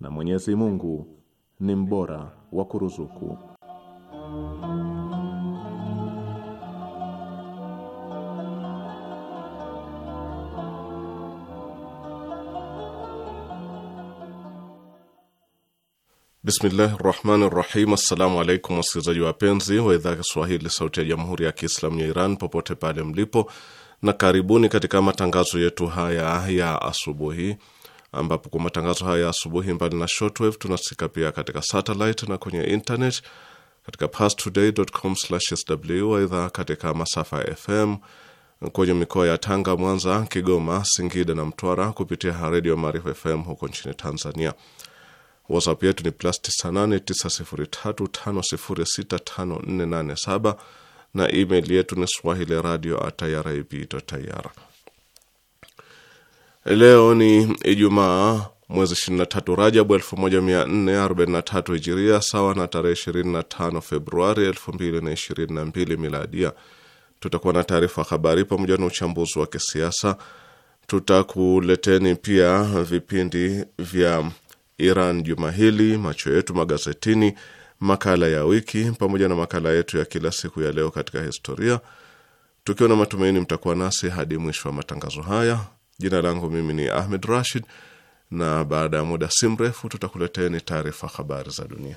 na Mwenyezi Mungu ni mbora wa kuruzuku. Bismillahi rahmani rahim. Assalamu alaikum wasikilizaji wapenzi wa idhaa ya Kiswahili sauti ya jamhuri ya Kiislamu ya Iran popote pale mlipo, na karibuni katika matangazo yetu haya ya asubuhi ambapo kwa matangazo haya ya asubuhi, mbali na shortwave, tunasikika pia katika satellite na kwenye internet katika parstoday.com/sw. Aidha, katika masafa ya FM kwenye mikoa ya Tanga, Mwanza, Kigoma, Singida na Mtwara kupitia redio Maarifa FM huko nchini Tanzania. WhatsApp yetu ni plus 989035065487 na email yetu ni swahili radio at irib.ir. Leo ni Ijumaa mwezi 23 Rajabu 1443 Hijiria, sawa na tarehe 25 Februari 2022 Miladia. Tutakuwa na taarifa habari pamoja na uchambuzi wa kisiasa. Tutakuleteni pia vipindi vya Iran juma hili, macho yetu magazetini, makala ya wiki pamoja na makala yetu ya kila siku ya leo katika historia, tukiwa na matumaini mtakuwa nasi hadi mwisho wa matangazo haya. Jina langu mimi ni Ahmed Rashid, na baada ya muda si mrefu tutakuleteni taarifa habari za dunia.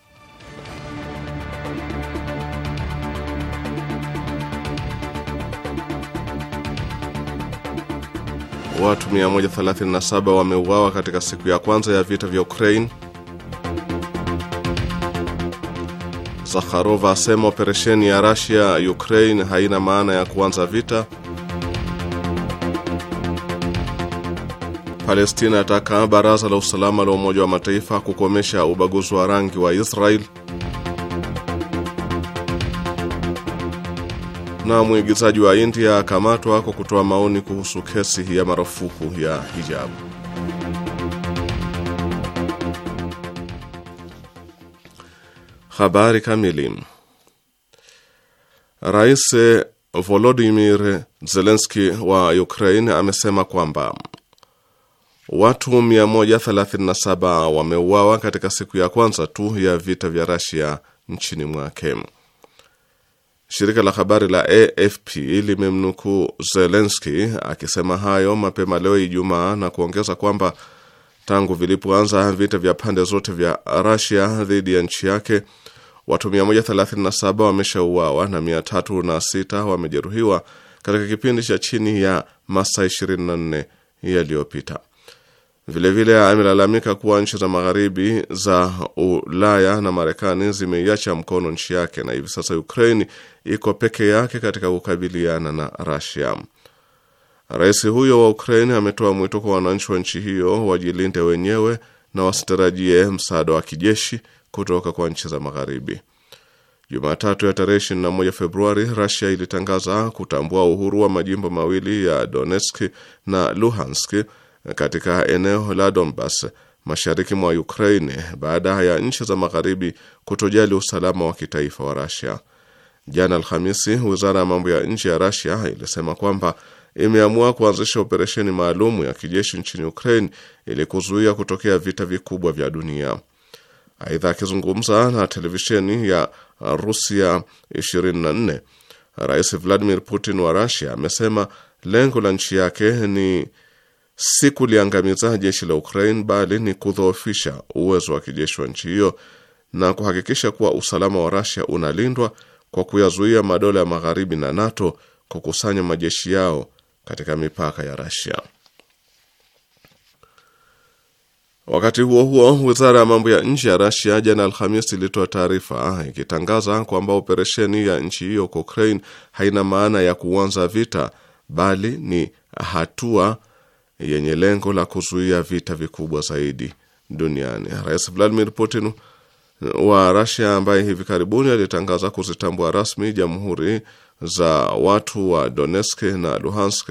Watu 137 wameuawa katika siku ya kwanza ya vita vya Ukraine. Zakharova asema operesheni ya Russia Ukraine haina maana ya kuanza vita. Palestina ataka baraza la usalama la Umoja wa Mataifa kukomesha ubaguzi wa rangi wa Israel. na mwigizaji wa India akamatwa kwa kutoa maoni kuhusu kesi ya marufuku ya hijabu. Habari kamili. Rais Volodymyr Zelensky wa Ukraine amesema kwamba watu 137 wameuawa katika siku ya kwanza tu ya vita vya Russia nchini mwake. Shirika la habari la AFP limemnukuu Zelenski akisema hayo mapema leo Ijumaa na kuongeza kwamba tangu vilipoanza vita vya pande zote vya Russia dhidi ya nchi yake watu 137 wameshauawa na 306 wamejeruhiwa katika kipindi cha chini ya masaa 24 yaliyopita. Vilevile amelalamika kuwa nchi za magharibi za Ulaya na Marekani zimeiacha mkono nchi yake na hivi sasa Ukraine iko peke yake katika kukabiliana na Russia. Rais huyo wa Ukraine ametoa mwito kwa wananchi wa nchi hiyo wajilinde wenyewe na wasitarajie msaada wa kijeshi kutoka kwa nchi za magharibi. Jumatatu ya tarehe 21 Februari, Russia ilitangaza kutambua uhuru wa majimbo mawili ya Donetsk na Luhansk katika eneo la Donbas mashariki mwa Ukraine baada ya nchi za magharibi kutojali usalama wa kitaifa wa Rasia. Jana Alhamisi, wizara ya mambo ya nje ya Rasia ilisema kwamba imeamua kuanzisha operesheni maalumu ya kijeshi nchini Ukraine ili kuzuia kutokea vita vikubwa vya dunia. Aidha, akizungumza na televisheni ya Rusia 24, Rais Vladimir Putin wa Rasia amesema lengo la nchi yake ni si kuliangamiza jeshi la Ukraine bali ni kudhoofisha uwezo wa kijeshi wa nchi hiyo na kuhakikisha kuwa usalama wa Russia unalindwa kwa kuyazuia madola ya magharibi na NATO kukusanya majeshi yao katika mipaka ya Russia. Wakati huo huo, wizara ya mambo ya nje ya Russia jana Alhamis ilitoa taarifa ikitangaza kwamba operesheni ya nchi hiyo kwa Ukraine haina maana ya kuanza vita bali ni hatua yenye lengo la kuzuia vita vikubwa zaidi duniani. Rais Vladimir Putin wa Rasia, ambaye hivi karibuni alitangaza kuzitambua rasmi jamhuri za watu wa Donetsk na Luhansk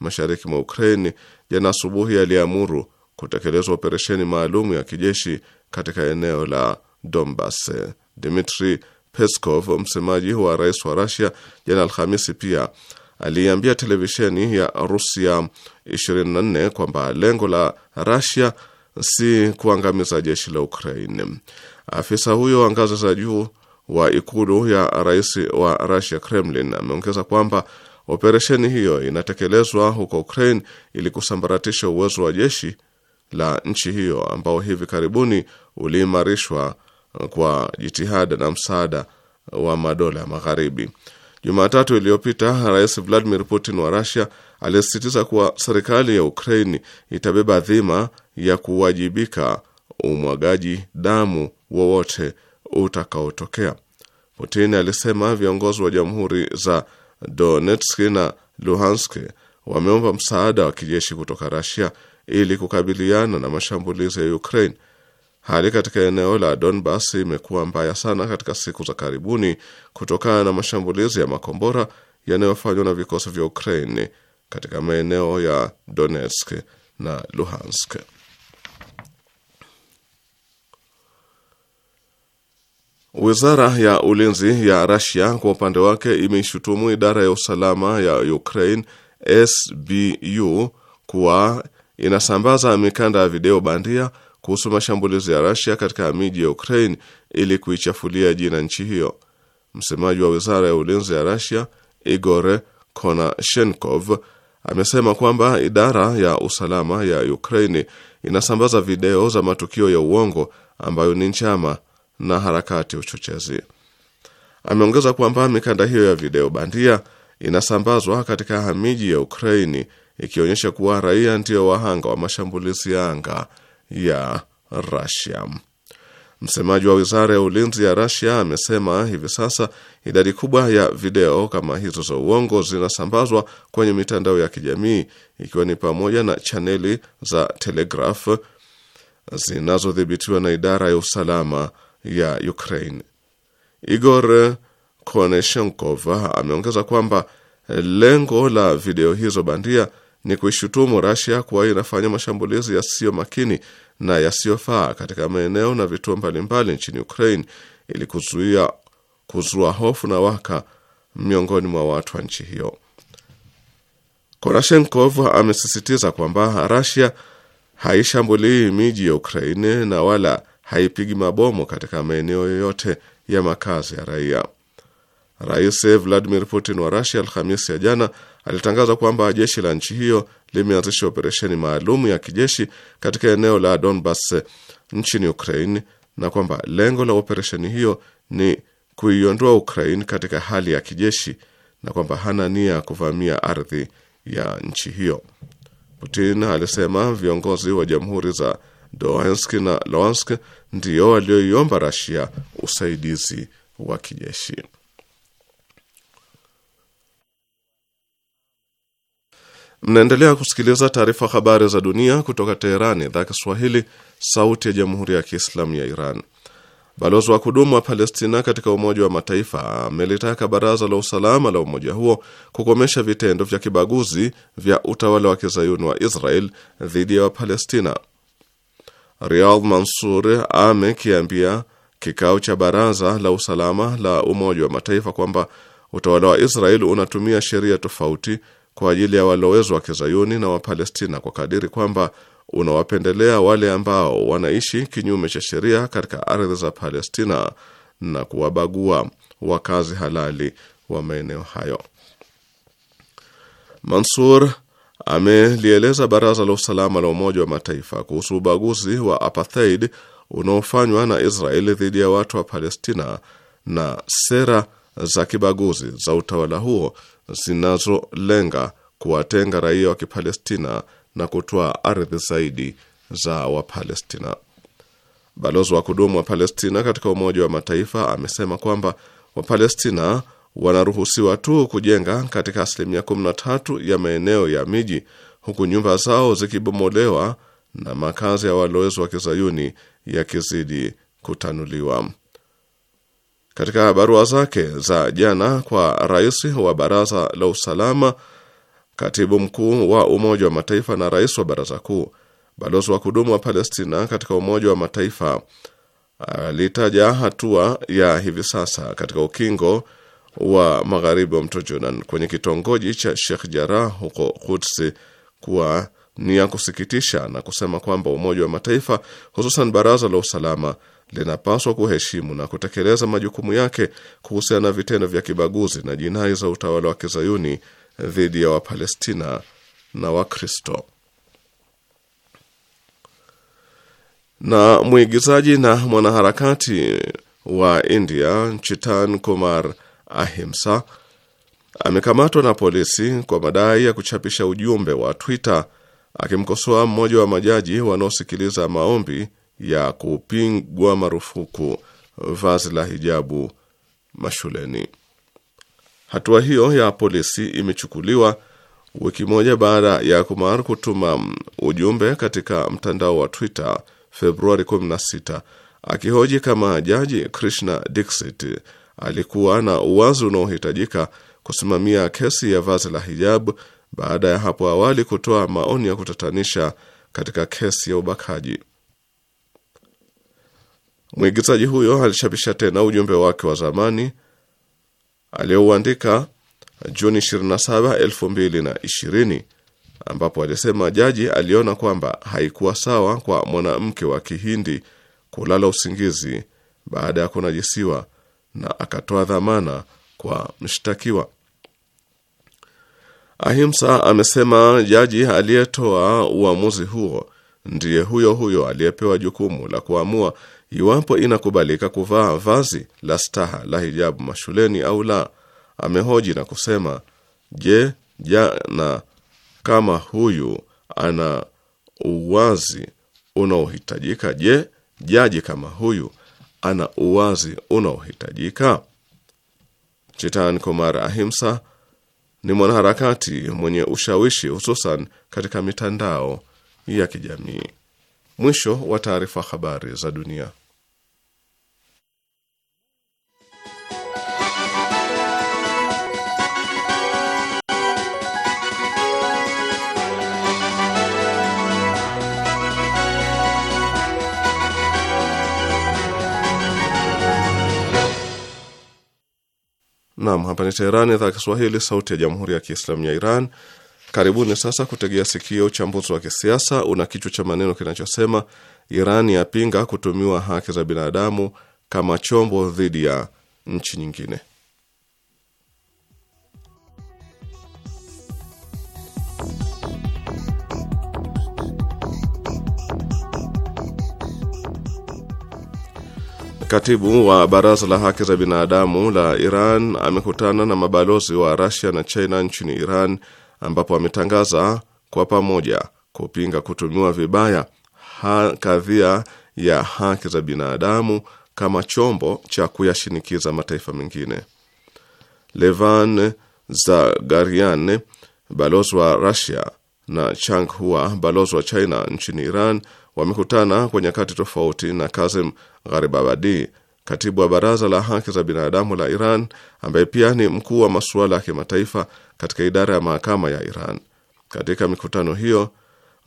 mashariki mwa Ukraini, jana asubuhi aliamuru kutekelezwa operesheni maalum ya kijeshi katika eneo la Donbas. Dmitri Peskov, msemaji wa rais wa Rasia, jana Alhamisi pia aliambia televisheni ya Rusia 24 kwamba lengo la Rasia si kuangamiza jeshi la Ukraine. Afisa huyo wa ngazi za juu wa ikulu ya rais wa Russia Kremlin, ameongeza kwamba operesheni hiyo inatekelezwa huko Ukraine ili kusambaratisha uwezo wa jeshi la nchi hiyo ambao hivi karibuni uliimarishwa kwa jitihada na msaada wa madola ya Magharibi. Jumatatu iliyopita Rais Vladimir Putin wa Russia alisisitiza kuwa serikali ya Ukraini itabeba dhima ya kuwajibika umwagaji damu wowote utakaotokea. Putin alisema viongozi wa jamhuri za Donetsk na Luhansk wameomba msaada wa kijeshi kutoka rasia ili kukabiliana na mashambulizi ya Ukraine Hali katika eneo la Donbas imekuwa mbaya sana katika siku za karibuni kutokana na mashambulizi ya makombora yanayofanywa na vikosi vya Ukraini katika maeneo ya Donetsk na Luhansk. Wizara ya ulinzi ya Rasia kwa upande wake imeishutumu idara ya usalama ya Ukraine SBU kuwa inasambaza mikanda ya video bandia kuhusu mashambulizi ya Rasia katika miji ya Ukraine ili kuichafulia jina nchi hiyo. Msemaji wa wizara ya ulinzi ya Rasia Igor Konashenkov amesema kwamba idara ya usalama ya Ukraini inasambaza video za matukio ya uongo ambayo ni njama na harakati ya uchochezi. Ameongeza kwamba mikanda hiyo ya video bandia inasambazwa katika miji ya Ukraini ikionyesha kuwa raia ndiyo wahanga wa mashambulizi ya anga ya Rasia. Msemaji wa wizara ya ulinzi ya Rasia amesema hivi sasa idadi kubwa ya video kama hizo za uongo zinasambazwa kwenye mitandao ya kijamii ikiwa ni pamoja na chaneli za Telegraph zinazodhibitiwa na idara ya usalama ya Ukraine. Igor Koneshenkov ameongeza kwamba lengo la video hizo bandia ni kuishutumu Rasia kuwa inafanya mashambulizi yasiyo makini na yasiyofaa katika maeneo na vituo mbalimbali nchini Ukraine ili kuzuia kuzua hofu na waka miongoni mwa watu wa nchi hiyo. Korashenkov amesisitiza kwamba Rasia haishambulii miji ya Ukraine na wala haipigi mabomu katika maeneo yoyote ya makazi ya raia. Rais Vladimir Putin wa Rasia Alhamisi ya jana alitangaza kwamba jeshi la nchi hiyo limeanzisha operesheni maalum ya kijeshi katika eneo la Donbas nchini Ukraine na kwamba lengo la operesheni hiyo ni kuiondoa Ukraine katika hali ya kijeshi na kwamba hana nia ya kuvamia ardhi ya nchi hiyo. Putin alisema viongozi wa jamhuri za Donetsk na Luhansk ndio walioiomba Russia usaidizi wa kijeshi. Mnaendelea kusikiliza taarifa habari za dunia kutoka Teherani, idhaa Kiswahili, sauti ya jamhuri ya kiislamu ya Iran. Balozi wa kudumu wa Palestina katika Umoja wa Mataifa amelitaka Baraza la Usalama la umoja huo kukomesha vitendo vya kibaguzi vya utawala wa kizayuni wa Israel dhidi ya Wapalestina. Riyad Mansour amekiambia kikao cha Baraza la Usalama la Umoja wa Mataifa kwamba utawala wa Israel unatumia sheria tofauti kwa ajili ya walowezi wa kizayuni na Wapalestina kwa kadiri kwamba unawapendelea wale ambao wanaishi kinyume cha sheria katika ardhi za Palestina na kuwabagua wakazi halali wa maeneo hayo. Mansur amelieleza Baraza la Usalama la Umoja wa Mataifa kuhusu ubaguzi wa apartheid unaofanywa na Israeli dhidi ya watu wa Palestina na sera za kibaguzi za utawala huo zinazolenga kuwatenga raia wa Kipalestina na kutoa ardhi zaidi za Wapalestina. Balozi wa kudumu wa Palestina katika Umoja wa Mataifa amesema kwamba Wapalestina wanaruhusiwa tu kujenga katika asilimia 13 ya maeneo ya miji, huku nyumba zao zikibomolewa na makazi ya walowezi wa kizayuni yakizidi kutanuliwa. Katika barua zake za jana kwa rais wa baraza la usalama, katibu mkuu wa Umoja wa Mataifa na rais wa baraza kuu, balozi wa kudumu wa Palestina katika Umoja wa Mataifa alitaja hatua ya hivi sasa katika ukingo wa magharibi wa mto Jordan kwenye kitongoji cha Sheikh Jarrah huko Quds kuwa ni ya kusikitisha na kusema kwamba Umoja wa Mataifa hususan Baraza la Usalama linapaswa kuheshimu na kutekeleza majukumu yake kuhusiana na vitendo vya kibaguzi na jinai za utawala wa kizayuni dhidi ya Wapalestina na Wakristo. Na mwigizaji na mwanaharakati wa India Chitan Kumar Ahimsa amekamatwa na polisi kwa madai ya kuchapisha ujumbe wa Twitter akimkosoa mmoja wa majaji wanaosikiliza maombi ya kupigwa marufuku vazi la hijabu mashuleni. Hatua hiyo ya polisi imechukuliwa wiki moja baada ya Kumar kutuma ujumbe katika mtandao wa Twitter Februari 16 akihoji kama jaji Krishna Dixit alikuwa na uwazi unaohitajika kusimamia kesi ya vazi la hijabu baada ya hapo awali kutoa maoni ya kutatanisha katika kesi ya ubakaji. Mwigizaji huyo alichapisha tena ujumbe wake wa zamani aliyouandika Juni 27, 2020 ambapo alisema jaji aliona kwamba haikuwa sawa kwa mwanamke wa Kihindi kulala usingizi baada ya kunajisiwa na akatoa dhamana kwa mshtakiwa. Ahimsa amesema jaji aliyetoa uamuzi huo ndiye huyo huyo aliyepewa jukumu la kuamua iwapo inakubalika kuvaa vazi la staha la hijabu mashuleni au la. Amehoji na kusema, je, jana kama huyu ana uwazi unaohitajika? Je, jaji kama huyu ana uwazi unaohitajika? Chitan Kumar Ahimsa ni mwanaharakati mwenye ushawishi hususan katika mitandao ya kijamii. Mwisho wa taarifa. Habari za dunia. Naam, hapa ni Teherani, idhaa ya Kiswahili, sauti ya jamhuri ya kiislamu ya Iran. Karibuni sasa kutegea sikio uchambuzi wa kisiasa una kichwa cha maneno kinachosema Iran yapinga kutumiwa haki za binadamu kama chombo dhidi ya nchi nyingine. Katibu wa Baraza la Haki za Binadamu la Iran amekutana na mabalozi wa Russia na China nchini Iran ambapo ametangaza kwa pamoja kupinga kutumiwa vibaya kadhia ya haki za binadamu kama chombo cha kuyashinikiza mataifa mengine. Levan Zagarian, balozi wa Russia, na Chang Hua, balozi wa China nchini Iran, wamekutana kwa nyakati tofauti na Kazem Gharibabadi, katibu wa baraza la haki za binadamu la Iran, ambaye pia ni mkuu wa masuala ya kimataifa katika idara ya mahakama ya Iran. Katika mikutano hiyo,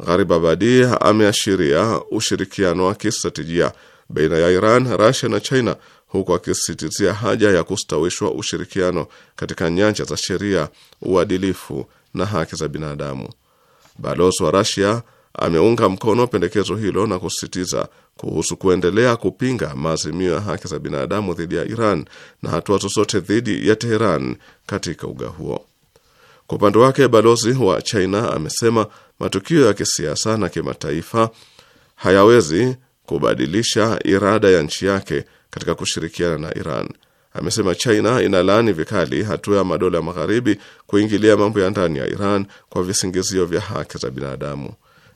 Gharibabadi ameashiria ushirikiano wa kistratejia baina ya Iran, Russia na China, huku akisisitizia haja ya kustawishwa ushirikiano katika nyanja za sheria, uadilifu na haki za binadamu. Balozi wa Russia ameunga mkono pendekezo hilo na kusisitiza kuhusu kuendelea kupinga maazimio ya haki za binadamu dhidi ya Iran na hatua zozote dhidi ya Teheran katika uga huo. Kwa upande wake, balozi wa China amesema matukio ya kisiasa na kimataifa hayawezi kubadilisha irada ya nchi yake katika kushirikiana na Iran. Amesema China inalaani vikali hatua ya madola ya magharibi kuingilia mambo ya ndani ya Iran kwa visingizio vya haki za binadamu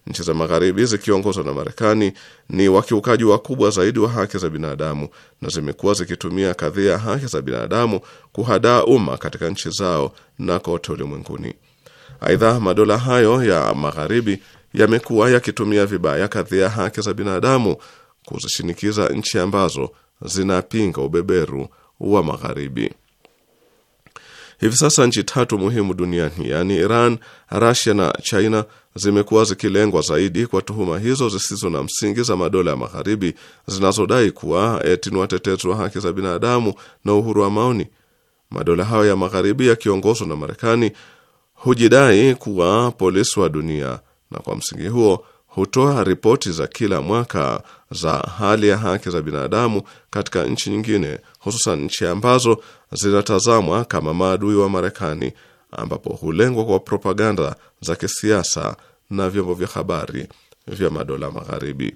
nchi za Magharibi zikiongozwa na Marekani ni wakiukaji wakubwa zaidi wa haki za binadamu na zimekuwa zikitumia kadhia ya haki za binadamu kuhadaa umma katika nchi zao na kote ulimwenguni. Aidha, madola hayo ya Magharibi yamekuwa yakitumia vibaya kadhia ya haki za binadamu kuzishinikiza nchi ambazo zinapinga ubeberu wa Magharibi. Hivi sasa nchi tatu muhimu duniani, yaani Iran, Rasia na China zimekuwa zikilengwa zaidi kwa tuhuma hizo zisizo na msingi za madola ya magharibi zinazodai kuwa eti ni watetezi wa haki za binadamu na uhuru wa maoni. Madola hayo ya magharibi yakiongozwa na Marekani hujidai kuwa polisi wa dunia, na kwa msingi huo hutoa ripoti za kila mwaka za hali ya haki za binadamu katika nchi nyingine, hususan nchi ambazo zinatazamwa kama maadui wa Marekani, ambapo hulengwa kwa propaganda za kisiasa na vyombo vya habari vya madola magharibi.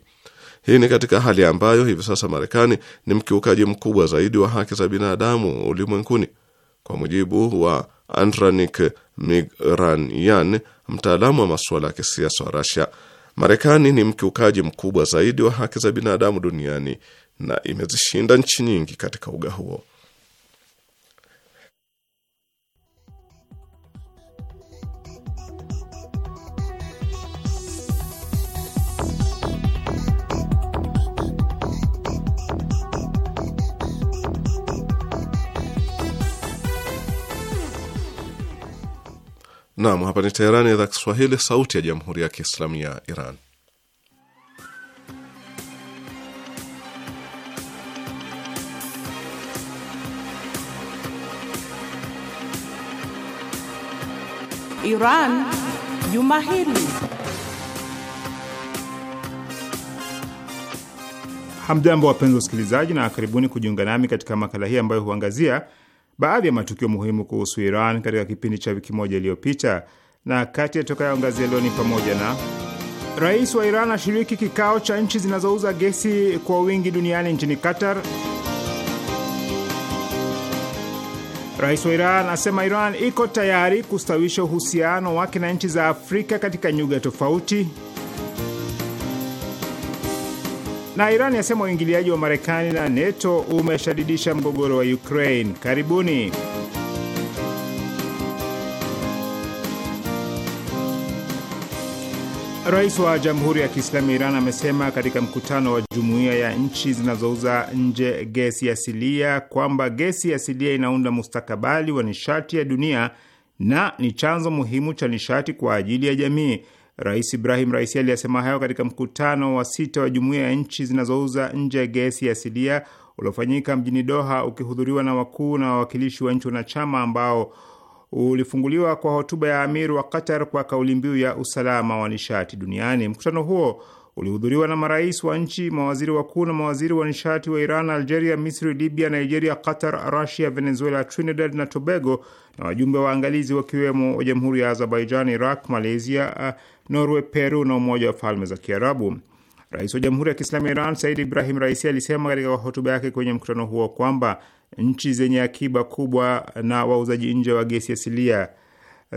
Hii ni katika hali ambayo hivi sasa Marekani ni mkiukaji mkubwa zaidi wa haki za binadamu ulimwenguni. Kwa mujibu wa Andranik Migranyan, mtaalamu wa masuala ya kisiasa wa Rasia, Marekani ni mkiukaji mkubwa zaidi wa haki za binadamu duniani na imezishinda nchi nyingi katika uga huo. Naam, hapa ni Teherani, idhaa Kiswahili, sauti ya jamhuri ya kiislamu ya Iran. Iran juma hili. Hamjambo, wapenzi usikilizaji na karibuni kujiunga nami katika makala hii ambayo huangazia baadhi ya matukio muhimu kuhusu Iran katika kipindi cha wiki moja iliyopita, na kati ya ya leo ni pamoja na rais wa Iran ashiriki kikao cha nchi zinazouza gesi kwa wingi duniani nchini Qatar, rais wa Iran asema Iran iko tayari kustawisha uhusiano wake na nchi za Afrika katika nyuga tofauti na Iran yasema uingiliaji wa Marekani na NATO umeshadidisha mgogoro wa Ukraine. Karibuni. Rais wa Jamhuri ya Kiislamu ya Iran amesema katika mkutano wa jumuiya ya nchi zinazouza nje gesi asilia kwamba gesi asilia inaunda mustakabali wa nishati ya dunia na ni chanzo muhimu cha nishati kwa ajili ya jamii. Rais Ibrahim Raisi aliyasema hayo katika mkutano wa sita wa jumuiya ya nchi zinazouza nje ya gesi asilia uliofanyika mjini Doha, ukihudhuriwa na wakuu na wawakilishi wa nchi wanachama ambao ulifunguliwa kwa hotuba ya Amir wa Qatar kwa kauli mbiu ya usalama wa nishati duniani. Mkutano huo ulihudhuriwa na marais wa nchi, mawaziri wakuu na mawaziri wa nishati wa Iran, Algeria, Misri, Libya, Nigeria, Qatar, rasia Venezuela, Trinidad na Tobago na wajumbe waangalizi wakiwemo wa Jamhuri ya Azerbaijan, Iraq, Malaysia, Norway, Peru na Umoja wa Falme za Kiarabu. Rais wa Jamhuri ya Kiislamu ya Iran Said Ibrahim Raisi alisema katika hotuba yake kwenye mkutano huo kwamba nchi zenye akiba kubwa na wauzaji nje wa gesi asilia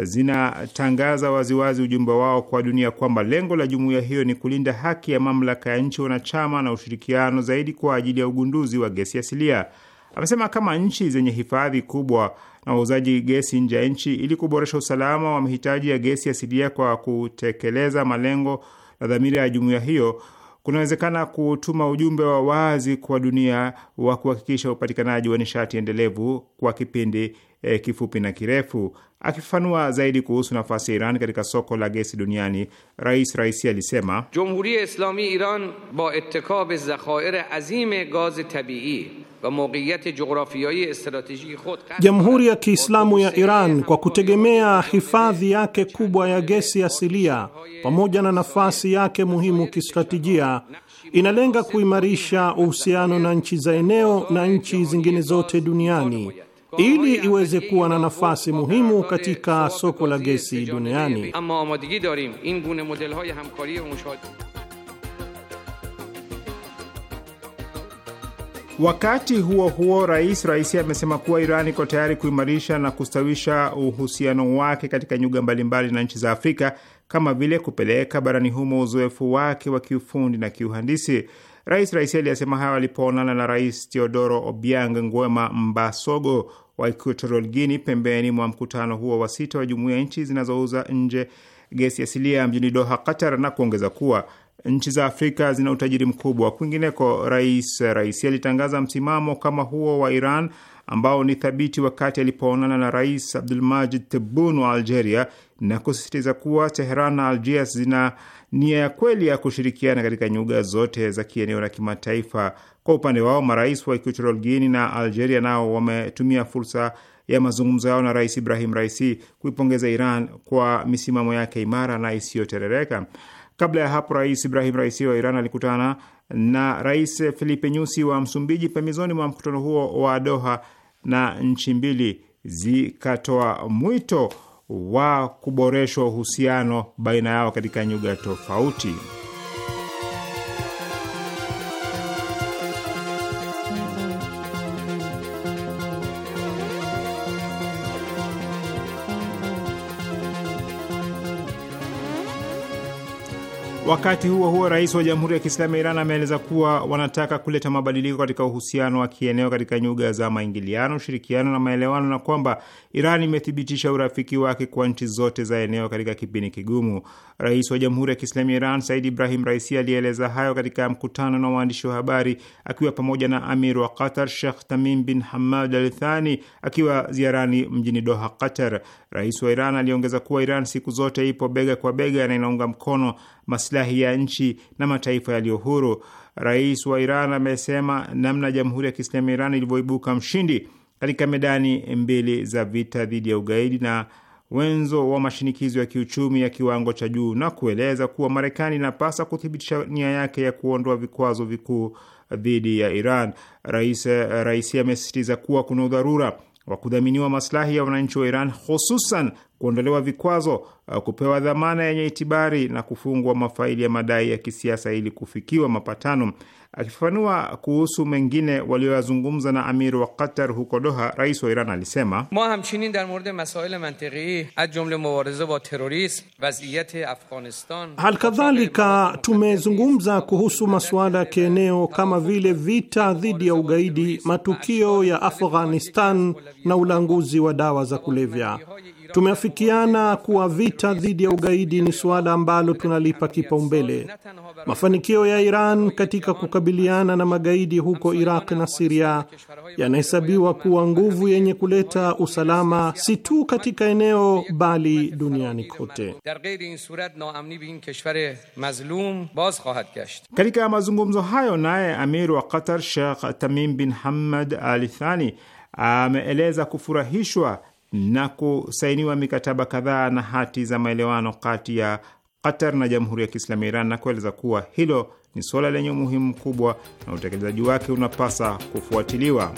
zinatangaza waziwazi ujumbe wao kwa dunia kwamba lengo la jumuiya hiyo ni kulinda haki ya mamlaka ya nchi wanachama na ushirikiano zaidi kwa ajili ya ugunduzi wa gesi asilia. Amesema kama nchi zenye hifadhi kubwa na wauzaji gesi nje ya nchi, ili kuboresha usalama wa mahitaji ya gesi asilia kwa kutekeleza malengo na dhamira ya jumuiya hiyo, kunawezekana kutuma ujumbe wa wazi kwa dunia wa kuhakikisha upatikanaji wa nishati endelevu kwa kipindi e, kifupi na kirefu. Akifafanua zaidi kuhusu nafasi ya Iran katika soko la gesi duniani, Rais Raisi alisema Jumhuria ya Islami Iran ba itikab zakhair azim gaz tabii Jamhuri ya Kiislamu ya Iran kwa kutegemea hifadhi yake kubwa ya gesi asilia pamoja na nafasi yake muhimu kistratejia inalenga kuimarisha uhusiano na nchi za eneo na nchi zingine zote duniani ili iweze kuwa na nafasi muhimu katika soko la gesi duniani. Wakati huo huo, Rais Raisi amesema kuwa Iran iko tayari kuimarisha na kustawisha uhusiano wake katika nyuga mbalimbali na nchi za Afrika kama vile kupeleka barani humo uzoefu wake wa kiufundi na kiuhandisi. Rais Raisi aliyasema hayo alipoonana na Rais Teodoro Obiang Nguema Mbasogo wa Equatorial Guinea pembeni mwa mkutano huo wa sita wa jumuiya ya nchi zinazouza nje gesi asilia mjini Doha, Qatar, na kuongeza kuwa nchi za Afrika zina utajiri mkubwa. Kwingineko, Rais Raisi alitangaza msimamo kama huo wa Iran ambao ni thabiti wakati alipoonana na Rais Abdulmajid Tebun wa Algeria na kusisitiza kuwa Teheran na Algiers zina nia ya kweli ya kushirikiana katika nyuga zote za kieneo na kimataifa. Kwa upande wao, marais wa Equatorial Guinea na Algeria nao wametumia fursa ya mazungumzo yao na Rais Ibrahim Raisi kuipongeza Iran kwa misimamo yake imara na isiyoterereka. Kabla ya hapo, Rais Ibrahim Raisi wa Iran alikutana na Rais Filipe Nyusi wa Msumbiji pembezoni mwa mkutano huo wa Doha, na nchi mbili zikatoa mwito wa kuboreshwa uhusiano baina yao katika nyuga tofauti. Wakati huo huo, rais wa Jamhuri ya Kiislamu ya Iran ameeleza kuwa wanataka kuleta mabadiliko katika uhusiano wa kieneo katika nyuga za maingiliano, ushirikiano na maelewano, na kwamba Iran imethibitisha urafiki wake kwa nchi zote za eneo katika kipindi kigumu. Rais wa Jamhuri ya Kiislamu ya Iran Said Ibrahim Raisi alieleza hayo katika mkutano na waandishi wa habari akiwa pamoja na amir wa Qatar Sheikh Tamim bin Hamad Al Thani akiwa ziarani mjini Doha, Qatar. Rais wa Iran aliongeza kuwa Iran siku zote ipo bega kwa bega na inaunga mkono masilahi ya nchi na mataifa yaliyo huru. Rais wa Iran amesema namna Jamhuri ya Kiislamu ya Iran ilivyoibuka mshindi katika medani mbili za vita dhidi ya ugaidi na wenzo wa mashinikizo ya kiuchumi ya kiwango cha juu, na kueleza kuwa Marekani inapasa kuthibitisha nia yake ya kuondoa vikwazo vikuu dhidi ya Iran. Rais Raisi amesisitiza kuwa kuna udharura wa kudhaminiwa maslahi ya wananchi wa Iran, hususan kuondolewa vikwazo, uh, kupewa dhamana yenye itibari na kufungwa mafaili ya madai ya kisiasa ili kufikiwa mapatano Akifafanua kuhusu mengine walioyazungumza na amir wa Qatar huko Doha, rais wa Iran alisema hal kadhalika tumezungumza kuhusu masuala ya kieneo kama vile vita dhidi ya ugaidi, matukio ya Afghanistan na ulanguzi wa dawa za kulevya. Tumeafikiana kuwa vita dhidi ya ugaidi ni suala ambalo tunalipa kipaumbele. Mafanikio ya Iran katika kukabiliana na magaidi huko Iraq na Siria yanahesabiwa kuwa nguvu yenye kuleta usalama si tu katika eneo bali duniani kote. Katika mazungumzo hayo, naye amir wa Qatar Sheikh Tamim bin Hamad Al Thani ameeleza kufurahishwa na kusainiwa mikataba kadhaa na hati za maelewano kati ya Qatar na Jamhuri ya Kiislamu ya Iran na kueleza kuwa hilo ni suala lenye umuhimu mkubwa na utekelezaji wake unapasa kufuatiliwa.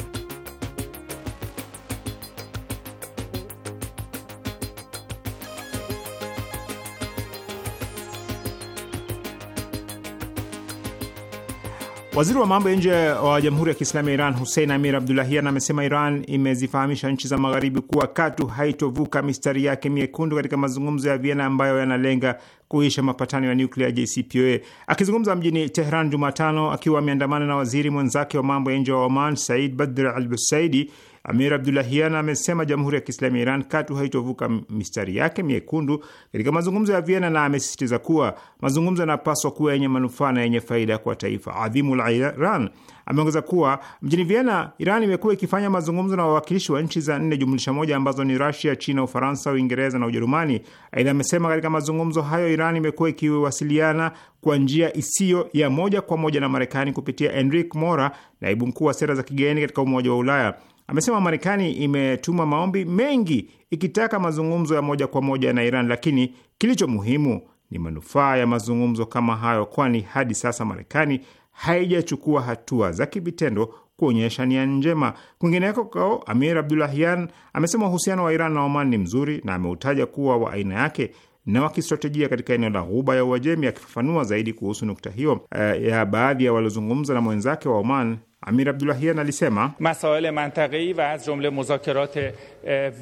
Waziri wa mambo ya nje wa Jamhuri ya Kiislamu ya Iran Hussein Amir Abdulahian amesema Iran imezifahamisha nchi za Magharibi kuwa katu haitovuka mistari yake miekundu katika mazungumzo ya Vienna ambayo yanalenga kuisha mapatano ya nuklia JCPOA. Akizungumza mjini Tehran Jumatano akiwa ameandamana na waziri mwenzake wa mambo ya nje wa Oman Said Badr Al Busaidi, Amir Abdulahian amesema Jamhuri ya Kiislamu ya Iran katu haitovuka mistari yake miekundu katika mazungumzo ya Vienna, na amesisitiza kuwa mazungumzo yanapaswa kuwa yenye manufaa na yenye faida kwa taifa adhimu la Iran. Ameongeza kuwa mjini Vienna, Iran imekuwa ikifanya mazungumzo na wawakilishi wa nchi za nne jumlisha moja ambazo ni Rasia, China, Ufaransa, Uingereza na Ujerumani. Aidha amesema katika mazungumzo hayo Iran imekuwa ikiwasiliana kwa njia isiyo ya moja kwa moja na Marekani kupitia Enrique Mora, naibu mkuu wa sera za kigeni katika Umoja wa Ulaya amesema Marekani imetuma maombi mengi ikitaka mazungumzo ya moja kwa moja na Iran, lakini kilicho muhimu ni manufaa ya mazungumzo kama hayo, kwani hadi sasa Marekani haijachukua hatua za kivitendo kuonyesha nia njema. Kwingineko kao, Amir Abdulahian amesema uhusiano wa Iran na Oman ni mzuri na ameutaja kuwa wa aina yake na wa kistratejia katika eneo la Ghuba ya Uajemi. Akifafanua zaidi kuhusu nukta hiyo uh, ya baadhi ya waliozungumza na mwenzake wa Oman امیر عبداللهیان علی سما مسائل منطقه‌ای و از جمله مذاکرات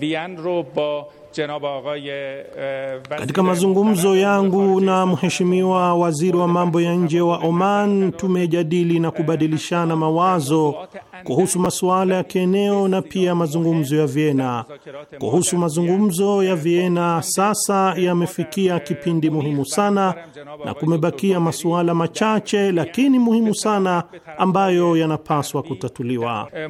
وین رو با Eh, eh, Katika mazungumzo yangu na mheshimiwa waziri wa mambo ya nje wa Oman tumejadili na kubadilishana mawazo kuhusu masuala ya kieneo na pia mazungumzo ya Vienna. Kuhusu mazungumzo ya Vienna, sasa yamefikia kipindi muhimu sana na kumebakia masuala machache lakini muhimu sana ambayo yanapaswa kutatuliwa. Eh,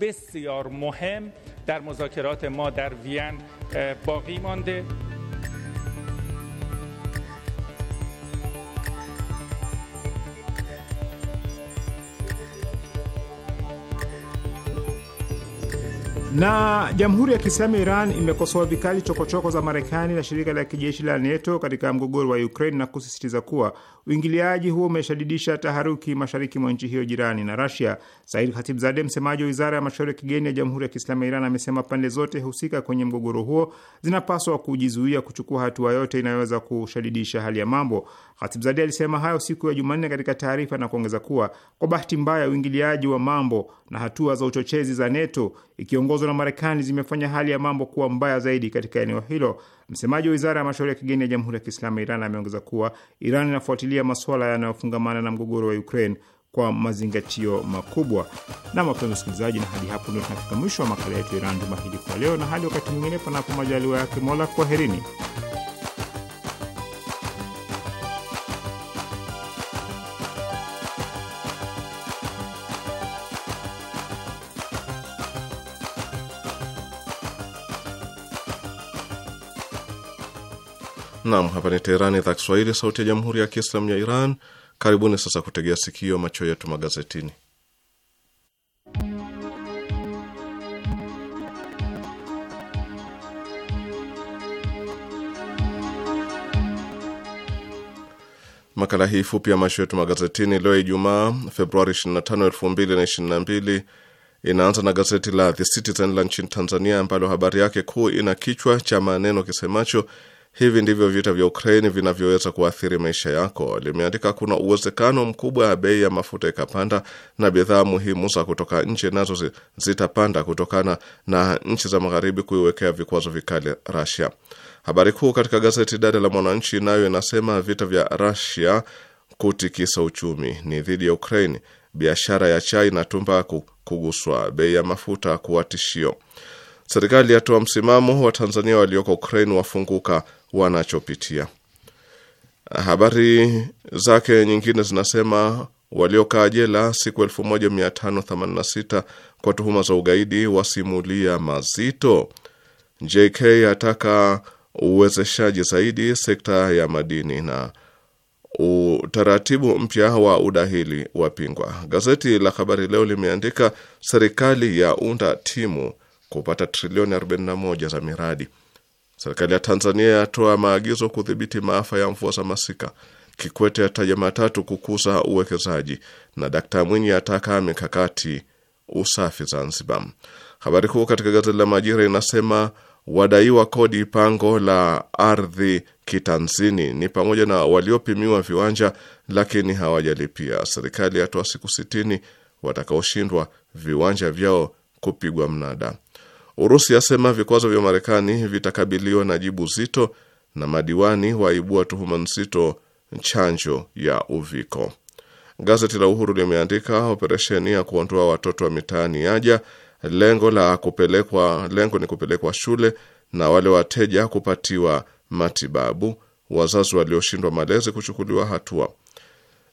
بسیار مهم در مذاکرات ما در وین باقی مانده Na Jamhuri ya Kiislamu ya Iran imekosoa vikali chokochoko za Marekani na shirika la kijeshi la NATO katika mgogoro wa Ukraine na kusisitiza kuwa uingiliaji huo umeshadidisha taharuki mashariki mwa nchi hiyo jirani na Rasia. Said Khatibzade, msemaji wa wizara ya mashauri ya kigeni ya Jamhuri ya Kiislamu ya Iran, amesema pande zote husika kwenye mgogoro huo zinapaswa kujizuia kuchukua hatua yote inayoweza kushadidisha hali ya mambo. Khatibzade alisema hayo siku ya Jumanne katika taarifa na kuongeza kuwa kwa bahati mbaya uingiliaji wa mambo na hatua za uchochezi za NATO ikiongozwa na Marekani zimefanya hali ya mambo kuwa mbaya zaidi katika eneo hilo. Msemaji wa wizara ya mashauri ya kigeni ya Jamhuri ya Kiislamu ya Iran ameongeza kuwa Iran inafuatilia masuala yanayofungamana na mgogoro wa Ukraine kwa mazingatio makubwa. Na wapenzi wasikilizaji, na hadi hapo ndio tunafika mwisho wa makala yetu ya Iran juma hili kwa leo, na hadi wakati mwingine, panapo majaliwa yake Mola, kwaherini. Nam, hapa ni Teherani, idhaa Kiswahili, sauti ya jamhuri ya kiislamu ya Iran. Karibuni sasa kutegea sikio, macho yetu magazetini. Makala hii fupi ya macho yetu magazetini leo Ijumaa, Februari 25, 2022 inaanza na gazeti la The Citizen la nchini Tanzania, ambalo habari yake kuu ina kichwa cha maneno kisemacho hivi ndivyo vita vya Ukraini vinavyoweza kuathiri maisha yako, limeandika kuna uwezekano mkubwa ya bei ya mafuta ikapanda na bidhaa muhimu za kutoka nje nazo zitapanda kutokana na nchi za magharibi kuiwekea vikwazo vikali Rasia. Habari kuu katika gazeti dada la Mwananchi nayo inasema vita vya rasia kutikisa uchumi ni dhidi ya Ukraini, biashara ya chai na tumbaku kuguswa, bei ya mafuta kuwa tishio. Serikali yatoa msimamo, Tanzania walioko Ukraine wafunguka wanachopitia. Habari zake nyingine zinasema waliokaa jela siku 1586 kwa tuhuma za ugaidi wasimulia mazito. JK ataka uwezeshaji zaidi sekta ya madini na utaratibu mpya wa udahili wapingwa. Gazeti la Habari Leo limeandika serikali yaunda timu kupata trilioni 41 za miradi. Serikali ya Tanzania yatoa maagizo kudhibiti maafa ya mvua za masika. Kikwete ataja matatu kukuza uwekezaji, na Dkt Mwinyi ataka mikakati usafi Zanzibar. Habari kuu katika gazeti la Majira inasema wadaiwa kodi pango la ardhi kitanzini ni pamoja na waliopimiwa viwanja lakini hawajalipia. Serikali yatoa siku sitini watakaoshindwa viwanja vyao kupigwa mnada. Urusi yasema vikwazo vya Marekani vitakabiliwa na jibu zito, na madiwani waibua tuhuma nzito chanjo ya uviko. Gazeti la Uhuru limeandika operesheni ya kuondoa watoto wa mitaani yaja, lengo la kupelekwa, lengo ni kupelekwa shule na wale wateja kupatiwa matibabu, wazazi walioshindwa malezi kuchukuliwa hatua.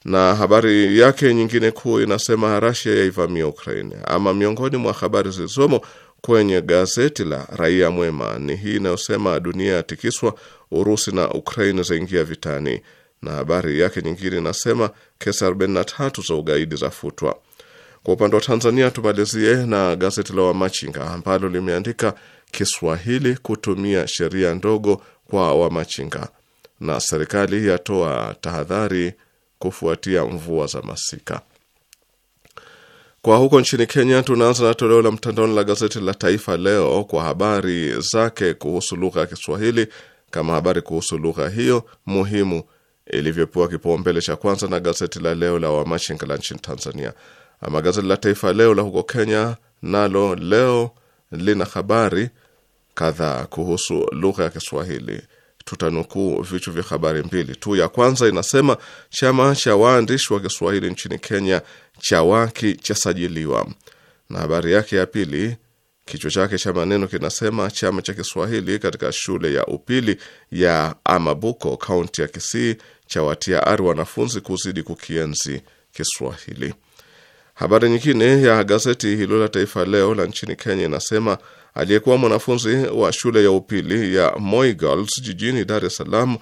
Na habari yake nyingine kuu inasema Rasia yaivamia Ukraine. Ama miongoni mwa habari zilizomo kwenye gazeti la Raia Mwema ni hii inayosema dunia yatikiswa, Urusi na Ukraine zaingia vitani, na habari yake nyingine inasema kesi 43 za ugaidi zafutwa. Kwa upande wa Tanzania tumalizie na gazeti la Wamachinga ambalo limeandika Kiswahili kutumia sheria ndogo kwa Wamachinga na serikali yatoa tahadhari kufuatia mvua za masika. Kwa huko nchini Kenya, tunaanza na toleo la mtandaoni la gazeti la Taifa Leo kwa habari zake kuhusu lugha ya Kiswahili, kama habari kuhusu lugha hiyo muhimu ilivyopewa kipaumbele cha kwanza na gazeti la leo la Wamachinga la nchini Tanzania. Ama gazeti la Taifa Leo la huko Kenya nalo leo lina habari kadhaa kuhusu lugha ya Kiswahili tutanukuu vichwa vya habari mbili tu. Ya kwanza inasema chama cha waandishi wa Kiswahili nchini Kenya cha waki chasajiliwa, na habari yake ya pili kichwa chake cha maneno kinasema chama cha Kiswahili katika shule ya upili ya Amabuko, kaunti ya Kisii, cha watia ari wanafunzi kuzidi kukienzi Kiswahili. Habari nyingine ya gazeti hilo la Taifa Leo la nchini Kenya inasema aliyekuwa mwanafunzi wa shule ya upili ya Moi Girls jijini Dar es Salaam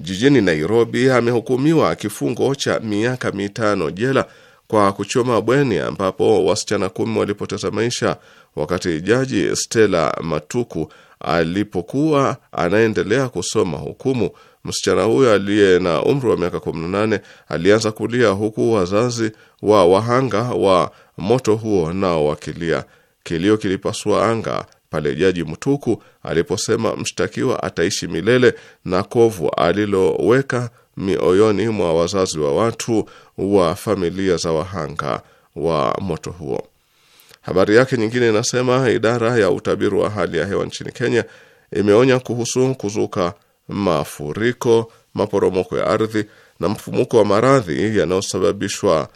jijini Nairobi amehukumiwa kifungo cha miaka mitano jela kwa kuchoma bweni ambapo wasichana kumi walipoteza maisha wakati jaji Stella Matuku alipokuwa anaendelea kusoma hukumu. Msichana huyo aliye na umri wa miaka 18 alianza kulia huku wazazi wa wahanga wa moto huo nao wakilia. Kilio kilipasua anga pale jaji mtuku aliposema mshtakiwa ataishi milele na kovu aliloweka mioyoni mwa wazazi wa watu wa familia za wahanga wa moto huo. Habari yake nyingine inasema idara ya utabiri wa hali ya hewa nchini Kenya imeonya kuhusu kuzuka mafuriko, maporomoko ya ardhi na mfumuko wa maradhi yanayosababishwa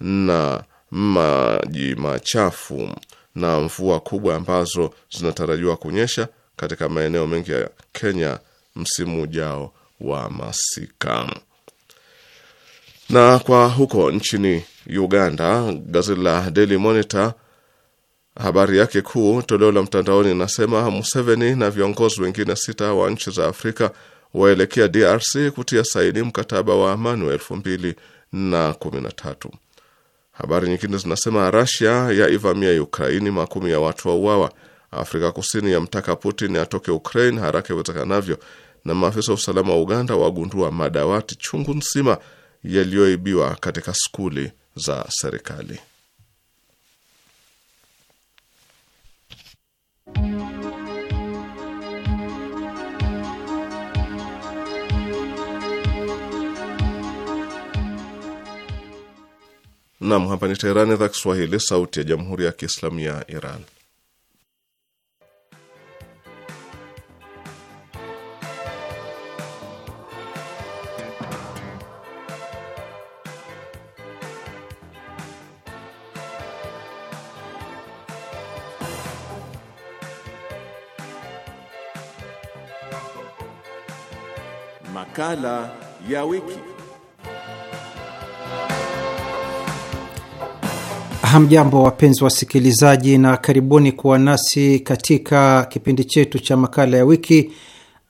na maji machafu na mvua kubwa ambazo zinatarajiwa kunyesha katika maeneo mengi ya Kenya msimu ujao wa masika. Na kwa huko nchini Uganda, gazeti la Daily Monitor habari yake kuu toleo la mtandaoni inasema Museveni na viongozi wengine sita wa nchi za Afrika waelekea DRC kutia saini mkataba wa amani wa elfu mbili na kumi na tatu. Habari nyingine zinasema Rasia yaivamia Ukraini, makumi ya watu wauawa. Afrika Kusini yamtaka Putin atoke Ukraine haraka iwezekanavyo, na maafisa wa usalama wa Uganda wagundua madawati chungu nzima yaliyoibiwa katika skuli za serikali. Nam, hapa ni Teherani, idhaa Kiswahili, sauti ya jamhuri ya kiislamu ya Iran. Makala ya wiki. Hamjambo, wapenzi wasikilizaji, na karibuni kuwa nasi katika kipindi chetu cha makala ya wiki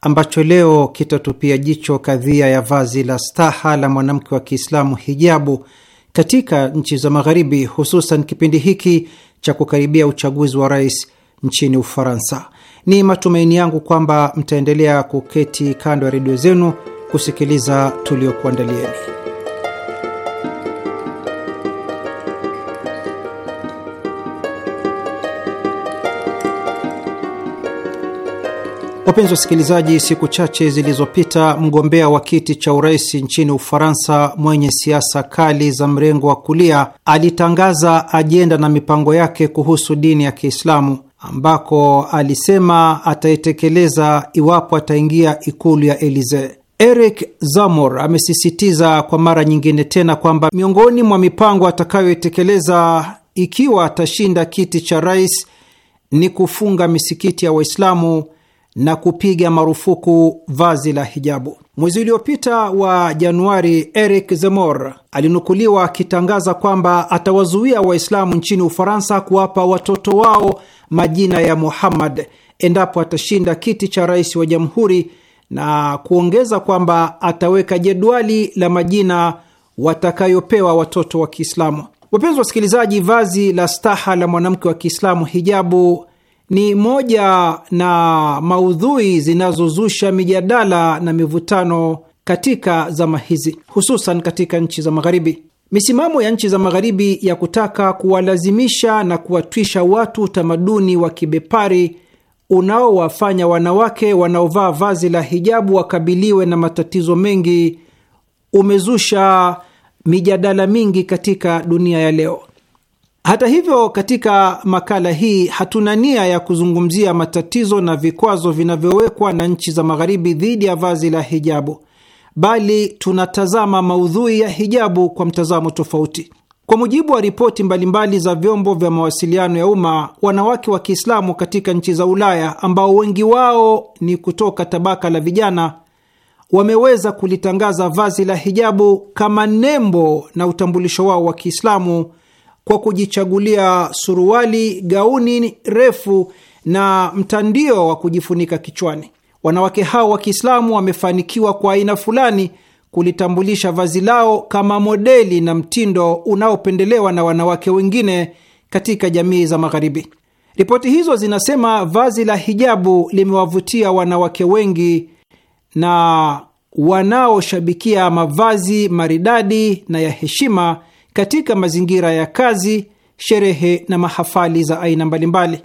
ambacho leo kitatupia jicho kadhia ya vazi la staha la mwanamke wa Kiislamu, hijabu, katika nchi za Magharibi, hususan kipindi hiki cha kukaribia uchaguzi wa rais nchini Ufaransa. Ni matumaini yangu kwamba mtaendelea kuketi kando ya redio zenu kusikiliza tuliokuandalieni. Wapenzi wasikilizaji, siku chache zilizopita mgombea wa kiti cha urais nchini Ufaransa mwenye siasa kali za mrengo wa kulia alitangaza ajenda na mipango yake kuhusu dini ya Kiislamu ambako alisema ataitekeleza iwapo ataingia ikulu ya Elisee. Eric Zamor amesisitiza kwa mara nyingine tena kwamba miongoni mwa mipango atakayoitekeleza ikiwa atashinda kiti cha rais ni kufunga misikiti ya Waislamu na kupiga marufuku vazi la hijabu. Mwezi uliopita wa Januari, Eric Zemmour alinukuliwa akitangaza kwamba atawazuia Waislamu nchini Ufaransa kuwapa watoto wao majina ya Muhammad endapo atashinda kiti cha rais wa jamhuri na kuongeza kwamba ataweka jedwali la majina watakayopewa watoto wa Kiislamu. Wapenzi wasikilizaji, vazi la staha la mwanamke wa Kiislamu, hijabu, ni moja na maudhui zinazozusha mijadala na mivutano katika zama hizi, hususan katika nchi za Magharibi. Misimamo ya nchi za Magharibi ya kutaka kuwalazimisha na kuwatwisha watu utamaduni wa kibepari unaowafanya wanawake wanaovaa vazi la hijabu wakabiliwe na matatizo mengi umezusha mijadala mingi katika dunia ya leo. Hata hivyo, katika makala hii hatuna nia ya kuzungumzia matatizo na vikwazo vinavyowekwa na nchi za Magharibi dhidi ya vazi la hijabu, bali tunatazama maudhui ya hijabu kwa mtazamo tofauti. Kwa mujibu wa ripoti mbalimbali za vyombo vya mawasiliano ya umma, wanawake wa Kiislamu katika nchi za Ulaya, ambao wengi wao ni kutoka tabaka la vijana, wameweza kulitangaza vazi la hijabu kama nembo na utambulisho wao wa Kiislamu kwa kujichagulia suruali, gauni refu na mtandio wa kujifunika kichwani. Wanawake hao wa Kiislamu wamefanikiwa kwa aina fulani kulitambulisha vazi lao kama modeli na mtindo unaopendelewa na wanawake wengine katika jamii za Magharibi. Ripoti hizo zinasema vazi la hijabu limewavutia wanawake wengi na wanaoshabikia mavazi maridadi na ya heshima katika mazingira ya kazi, sherehe na mahafali za aina mbalimbali.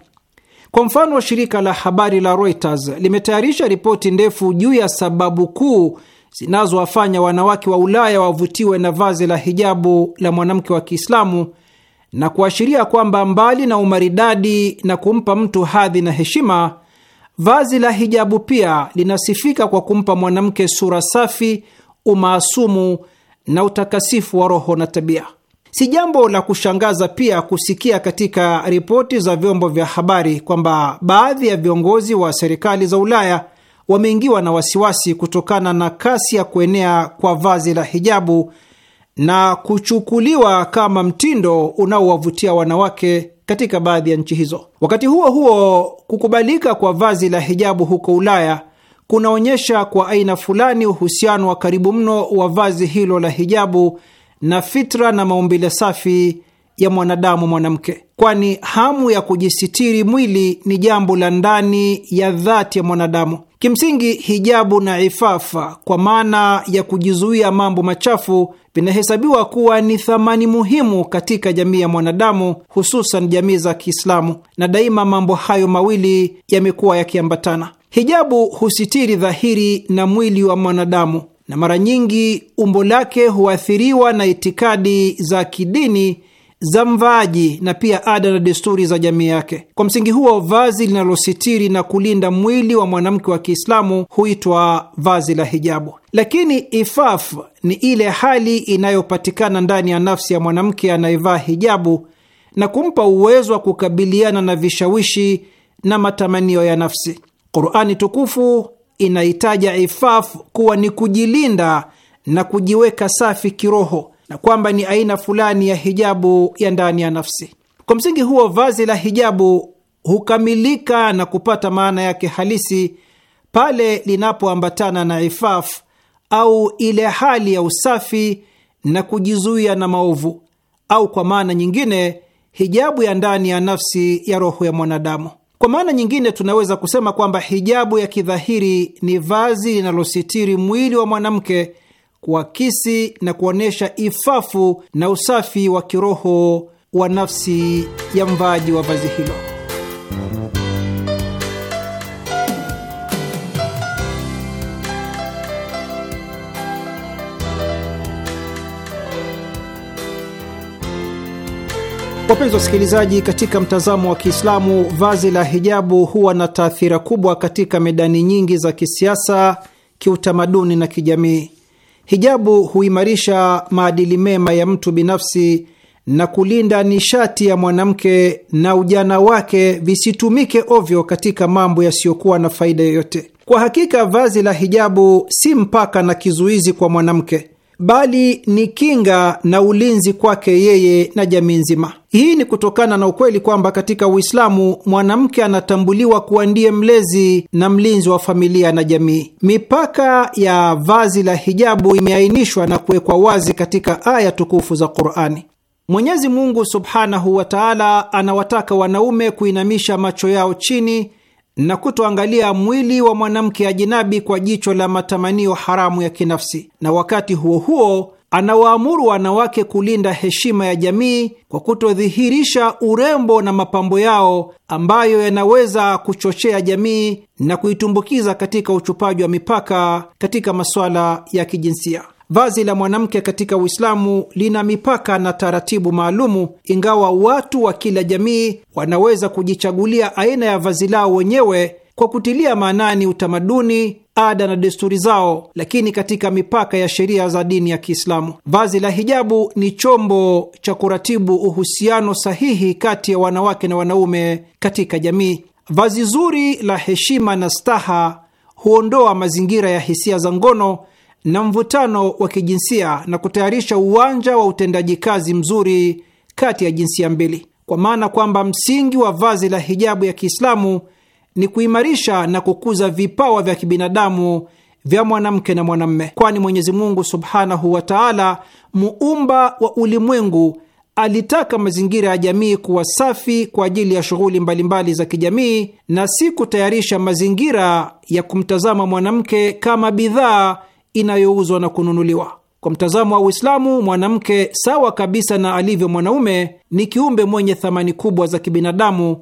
Kwa mfano, shirika la habari la Reuters limetayarisha ripoti ndefu juu ya sababu kuu zinazowafanya wanawake wa Ulaya wavutiwe na vazi la hijabu la mwanamke wa Kiislamu na kuashiria kwamba mbali na umaridadi na kumpa mtu hadhi na heshima, vazi la hijabu pia linasifika kwa kumpa mwanamke sura safi, umaasumu na utakasifu wa roho na tabia. Si jambo la kushangaza pia kusikia katika ripoti za vyombo vya habari kwamba baadhi ya viongozi wa serikali za Ulaya wameingiwa na wasiwasi kutokana na kasi ya kuenea kwa vazi la hijabu na kuchukuliwa kama mtindo unaowavutia wanawake katika baadhi ya nchi hizo. Wakati huo huo, kukubalika kwa vazi la hijabu huko Ulaya kunaonyesha kwa aina fulani uhusiano wa karibu mno wa vazi hilo la hijabu na fitra na maumbile safi ya mwanadamu mwanamke, kwani hamu ya kujisitiri mwili ni jambo la ndani ya dhati ya mwanadamu. Kimsingi, hijabu na ifafa kwa maana ya kujizuia mambo machafu vinahesabiwa kuwa ni thamani muhimu katika jamii ya mwanadamu, hususan jamii za Kiislamu, na daima mambo hayo mawili yamekuwa yakiambatana. Hijabu husitiri dhahiri na mwili wa mwanadamu na mara nyingi umbo lake huathiriwa na itikadi za kidini za mvaaji na pia ada na desturi za jamii yake. Kwa msingi huo, vazi linalositiri na kulinda mwili wa mwanamke wa Kiislamu huitwa vazi la hijabu. Lakini ifaf ni ile hali inayopatikana ndani ya nafsi ya mwanamke anayevaa hijabu na kumpa uwezo wa kukabiliana na vishawishi na matamanio ya nafsi. Qurani tukufu inaitaja ifaf kuwa ni kujilinda na kujiweka safi kiroho na kwamba ni aina fulani ya hijabu ya ndani ya nafsi. Kwa msingi huo, vazi la hijabu hukamilika na kupata maana yake halisi pale linapoambatana na ifaf au ile hali ya usafi na kujizuia na maovu, au kwa maana nyingine, hijabu ya ndani ya nafsi ya roho ya mwanadamu. Kwa maana nyingine, tunaweza kusema kwamba hijabu ya kidhahiri ni vazi linalositiri mwili wa mwanamke kuakisi na kuonyesha ifafu na usafi wa kiroho wa nafsi ya mvaji wa vazi hilo. Wapenzi wasikilizaji, katika mtazamo wa Kiislamu, vazi la hijabu huwa na taathira kubwa katika medani nyingi za kisiasa, kiutamaduni na kijamii. Hijabu huimarisha maadili mema ya mtu binafsi na kulinda nishati ya mwanamke na ujana wake visitumike ovyo katika mambo yasiyokuwa na faida yoyote. Kwa hakika vazi la hijabu si mpaka na kizuizi kwa mwanamke, bali ni kinga na ulinzi kwake yeye na jamii nzima. Hii ni kutokana na ukweli kwamba katika Uislamu mwanamke anatambuliwa kuwa ndiye mlezi na mlinzi wa familia na jamii. Mipaka ya vazi la hijabu imeainishwa na kuwekwa wazi katika aya tukufu za Qur'ani. Mwenyezi Mungu Subhanahu wa Ta'ala anawataka wanaume kuinamisha macho yao chini na kutoangalia mwili wa mwanamke ajinabi kwa jicho la matamanio haramu ya kinafsi, na wakati huo huo anawaamuru wanawake kulinda heshima ya jamii kwa kutodhihirisha urembo na mapambo yao ambayo yanaweza kuchochea jamii na kuitumbukiza katika uchupaji wa mipaka katika masuala ya kijinsia. Vazi la mwanamke katika Uislamu lina mipaka na taratibu maalumu, ingawa watu wa kila jamii wanaweza kujichagulia aina ya vazi lao wenyewe kwa kutilia maanani utamaduni, ada na desturi zao, lakini katika mipaka ya sheria za dini ya Kiislamu. Vazi la hijabu ni chombo cha kuratibu uhusiano sahihi kati ya wanawake na wanaume katika jamii. Vazi zuri la heshima na staha huondoa mazingira ya hisia za ngono na mvutano wa kijinsia na kutayarisha uwanja wa utendaji kazi mzuri kati ya jinsia mbili, kwa maana kwamba msingi wa vazi la hijabu ya Kiislamu ni kuimarisha na kukuza vipawa vya kibinadamu vya mwanamke na mwanamme, kwani Mwenyezi Mungu subhanahu wa taala, muumba wa ulimwengu, alitaka mazingira ya jamii kuwa safi kwa ajili ya shughuli mbalimbali za kijamii na si kutayarisha mazingira ya kumtazama mwanamke kama bidhaa inayouzwa na kununuliwa. Kwa mtazamo wa Uislamu, mwanamke sawa kabisa na alivyo mwanaume ni kiumbe mwenye thamani kubwa za kibinadamu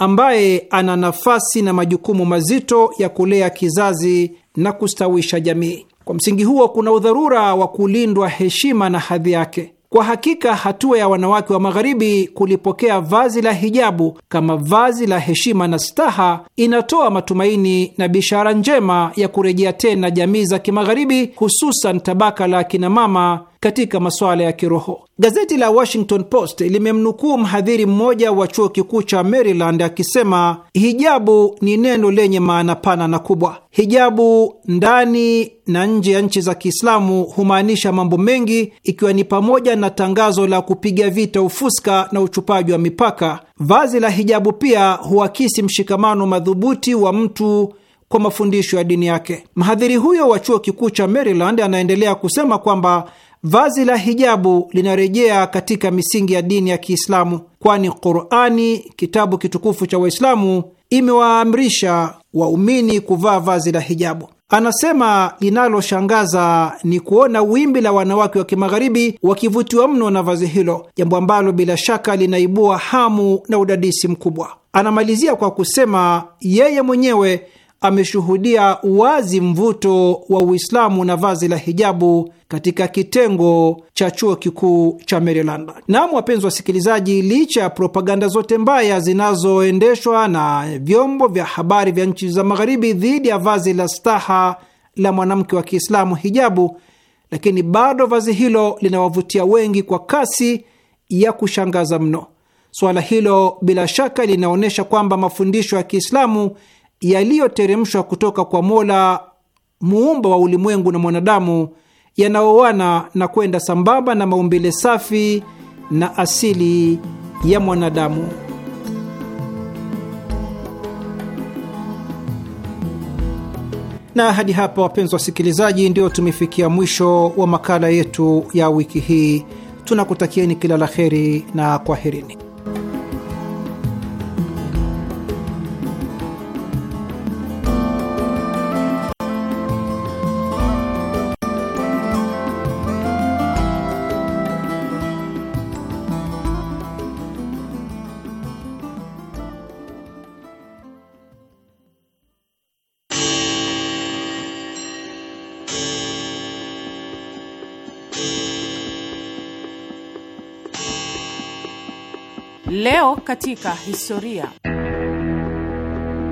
ambaye ana nafasi na majukumu mazito ya kulea kizazi na kustawisha jamii. Kwa msingi huo, kuna udharura wa kulindwa heshima na hadhi yake. Kwa hakika hatua ya wanawake wa Magharibi kulipokea vazi la hijabu kama vazi la heshima na staha inatoa matumaini na bishara njema ya kurejea tena jamii za Kimagharibi, hususan tabaka la akinamama katika masuala ya kiroho. Gazeti la Washington Post limemnukuu mhadhiri mmoja wa chuo kikuu cha Maryland akisema hijabu ni neno lenye maana pana na kubwa. Hijabu ndani na nje ya nchi za Kiislamu humaanisha mambo mengi, ikiwa ni pamoja na tangazo la kupiga vita ufuska na uchupaji wa mipaka. Vazi la hijabu pia huakisi mshikamano madhubuti wa mtu kwa mafundisho ya dini yake. Mhadhiri huyo wa chuo kikuu cha Maryland anaendelea kusema kwamba Vazi la hijabu linarejea katika misingi ya dini ya Kiislamu, kwani Qurani, kitabu kitukufu cha Waislamu, imewaamrisha waumini kuvaa vazi la hijabu. Anasema linaloshangaza ni kuona wimbi la wanawake wa kimagharibi wakivutiwa mno na vazi hilo, jambo ambalo bila shaka linaibua hamu na udadisi mkubwa. Anamalizia kwa kusema yeye mwenyewe ameshuhudia wazi mvuto wa Uislamu na vazi la hijabu katika kitengo cha chuo kikuu cha Maryland. Naam, wapenzi wasikilizaji, licha ya propaganda zote mbaya zinazoendeshwa na vyombo vya habari vya nchi za Magharibi dhidi ya vazi la staha la mwanamke wa Kiislamu, hijabu, lakini bado vazi hilo linawavutia wengi kwa kasi ya kushangaza mno. Suala hilo bila shaka linaonyesha kwamba mafundisho ya Kiislamu yaliyoteremshwa kutoka kwa Mola muumba wa ulimwengu na mwanadamu yanaoana na kwenda sambamba na maumbile safi na asili ya mwanadamu. Na hadi hapa, wapenzi wasikilizaji, ndio tumefikia mwisho wa makala yetu ya wiki hii. Tunakutakieni kila la heri na kwaherini. Leo katika historia.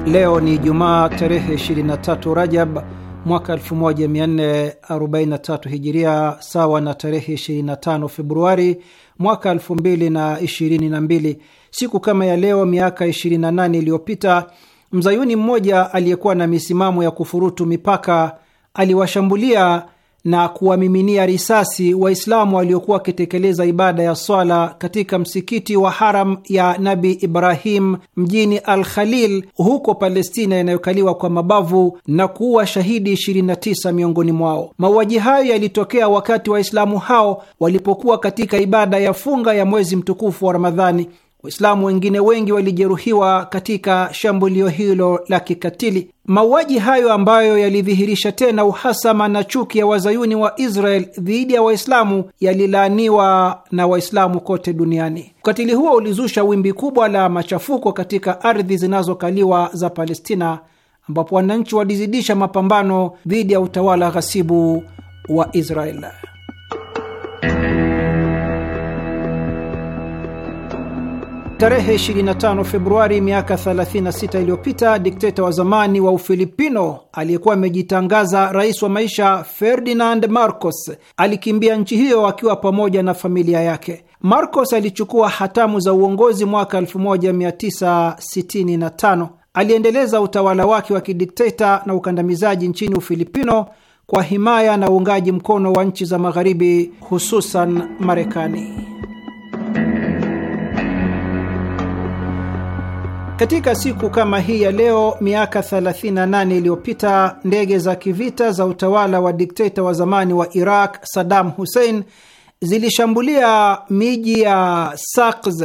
Leo ni Jumaa tarehe 23 Rajab mwaka 1443 Hijiria, sawa na tarehe 25 Februari mwaka 2022. Siku kama ya leo miaka 28 iliyopita, mzayuni mmoja aliyekuwa na misimamo ya kufurutu mipaka aliwashambulia na kuwamiminia risasi Waislamu waliokuwa wakitekeleza ibada ya swala katika msikiti wa haram ya Nabi Ibrahim mjini Al Khalil huko Palestina inayokaliwa kwa mabavu na kuua shahidi 29 miongoni mwao. Mauaji hayo yalitokea wakati Waislamu hao walipokuwa katika ibada ya funga ya mwezi mtukufu wa Ramadhani. Waislamu wengine wengi walijeruhiwa katika shambulio hilo la kikatili. Mauaji hayo ambayo yalidhihirisha tena uhasama na chuki ya wazayuni wa Israel dhidi ya Waislamu yalilaaniwa na Waislamu kote duniani. Ukatili huo ulizusha wimbi kubwa la machafuko katika ardhi zinazokaliwa za Palestina, ambapo wananchi walizidisha mapambano dhidi ya utawala ghasibu wa Israel. Tarehe 25 Februari miaka 36 iliyopita, dikteta wa zamani wa Ufilipino aliyekuwa amejitangaza rais wa maisha Ferdinand Marcos alikimbia nchi hiyo akiwa pamoja na familia yake. Marcos alichukua hatamu za uongozi mwaka 1965. Aliendeleza utawala wake wa kidikteta na ukandamizaji nchini Ufilipino kwa himaya na uungaji mkono wa nchi za Magharibi, hususan Marekani. Katika siku kama hii ya leo miaka 38 iliyopita ndege za kivita za utawala wa dikteta wa zamani wa Iraq Saddam Hussein zilishambulia miji ya Sakz,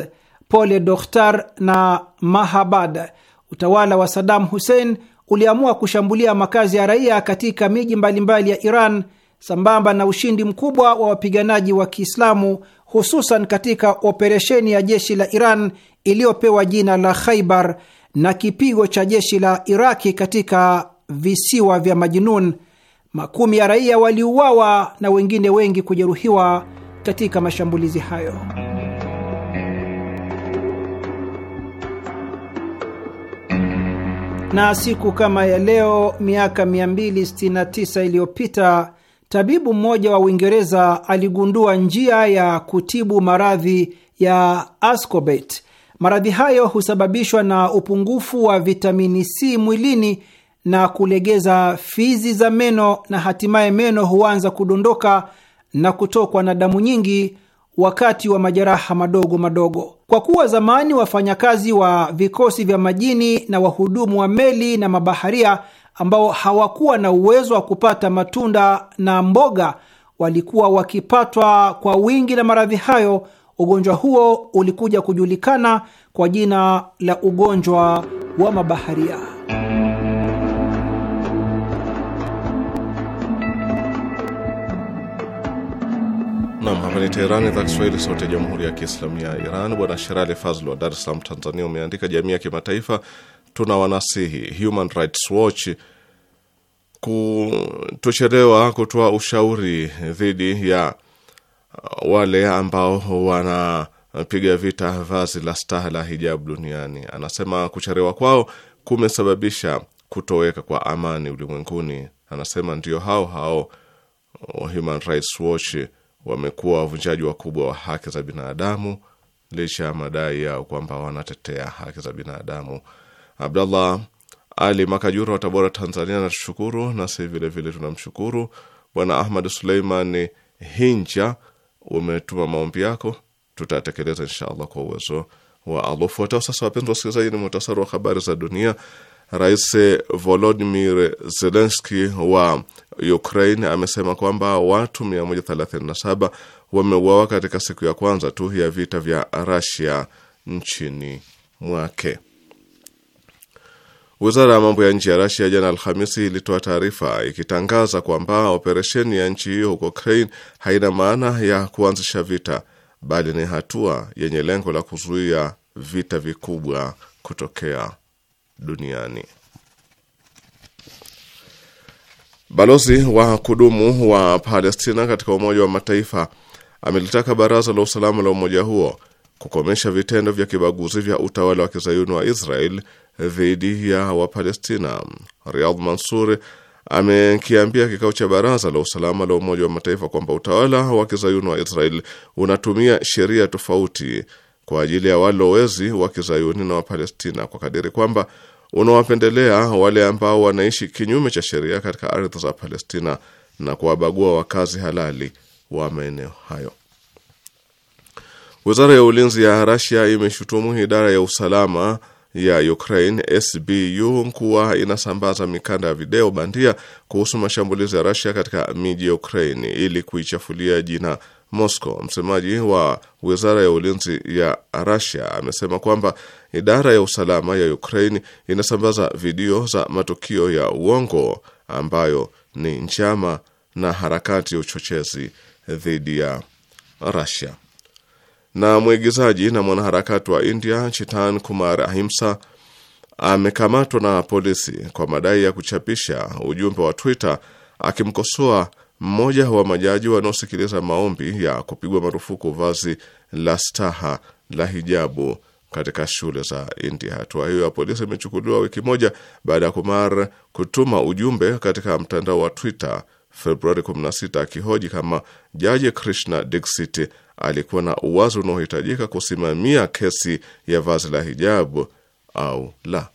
Pole Dokhtar na Mahabad. Utawala wa Saddam Hussein uliamua kushambulia makazi ya raia katika miji mbalimbali ya Iran sambamba na ushindi mkubwa wa wapiganaji wa Kiislamu hususan katika operesheni ya jeshi la Iran iliyopewa jina la Khaibar na kipigo cha jeshi la Iraki katika visiwa vya Majnun. Makumi ya raia waliuawa na wengine wengi kujeruhiwa katika mashambulizi hayo. Na siku kama ya leo miaka 269 iliyopita tabibu mmoja wa Uingereza aligundua njia ya kutibu maradhi ya ascorbate. Maradhi hayo husababishwa na upungufu wa vitamini C mwilini na kulegeza fizi za meno na hatimaye meno huanza kudondoka na kutokwa na damu nyingi wakati wa majeraha madogo madogo. Kwa kuwa zamani wafanyakazi wa vikosi vya majini na wahudumu wa meli na mabaharia ambao hawakuwa na uwezo wa kupata matunda na mboga walikuwa wakipatwa kwa wingi na maradhi hayo. Ugonjwa huo ulikuja kujulikana kwa jina la ugonjwa wa mabaharia. Nam, hapa ni Teherani, idhaa Kiswahili, sauti ya jamhuri ya kiislamu ya Iran. Bwana Sherali Fazl wa Dar es Salaam, Tanzania, umeandika jamii ya kimataifa wanasihi Human Rights Watch kutochelewa kutoa ushauri dhidi ya uh, wale ambao wanapiga vita vazi la staha la hijabu duniani. Anasema kucherewa kwao kumesababisha kutoweka kwa amani ulimwenguni. Anasema ndio hao hao uh, Human Rights Watch wamekuwa wavunjaji wakubwa wa haki za binadamu licha ya madai yao kwamba wanatetea haki za binadamu. Abdallah Ali Makajura wa Tabora, Tanzania natushukuru nasi vilevile tunamshukuru. Bwana Ahmad Suleiman Hinja, umetuma maombi yako, tutatekeleza insha allah kwa uwezo wa Allah. Ufuatao sasa, wapenzi wasikilizaji, ni muhtasari wa habari za dunia. Rais Volodimir Zelenski wa Ukraine amesema kwamba watu 137 wameuawa katika siku ya kwanza tu ya vita vya Rasia nchini mwake. Wizara ya mambo ya nje ya Rasia jana Alhamisi ilitoa taarifa ikitangaza kwamba operesheni ya nchi hiyo huko Ukraine haina maana ya kuanzisha vita, bali ni hatua yenye lengo la kuzuia vita vikubwa kutokea duniani. Balozi wa kudumu wa Palestina katika Umoja wa Mataifa amelitaka Baraza la Usalama la umoja huo kukomesha vitendo vya kibaguzi vya utawala wa kizayuni wa Israel dhidi ya Wapalestina. Riyadh Mansur amekiambia kikao cha baraza la usalama la Umoja wa Mataifa kwamba utawala wa kizayuni wa Israel unatumia sheria tofauti kwa ajili ya walowezi wa kizayuni na Wapalestina kwa kadiri kwamba unawapendelea wale ambao wanaishi kinyume cha sheria katika ardhi za Palestina na kuwabagua wakazi halali wa maeneo hayo. Wizara ya ulinzi ya Rasia imeshutumu idara ya usalama ya Ukraine SBU kuwa inasambaza mikanda ya video bandia kuhusu mashambulizi ya Russia katika miji ya Ukraine ili kuichafulia jina Moscow. Msemaji wa Wizara ya Ulinzi ya Russia amesema kwamba idara ya usalama ya Ukraine inasambaza video za matukio ya uongo ambayo ni njama na harakati ya uchochezi dhidi ya Russia na mwigizaji na mwanaharakati wa India Chitan Kumar Ahimsa amekamatwa na polisi kwa madai ya kuchapisha ujumbe wa Twitter akimkosoa mmoja wa majaji wanaosikiliza maombi ya kupigwa marufuku vazi la staha la hijabu katika shule za India. Hatua hiyo ya polisi imechukuliwa wiki moja baada ya Kumar kutuma ujumbe katika mtandao wa Twitter Februari 16 akihoji kama jaji Krishna Dixit alikuwa na uwazi unaohitajika kusimamia kesi ya vazi la hijabu au la.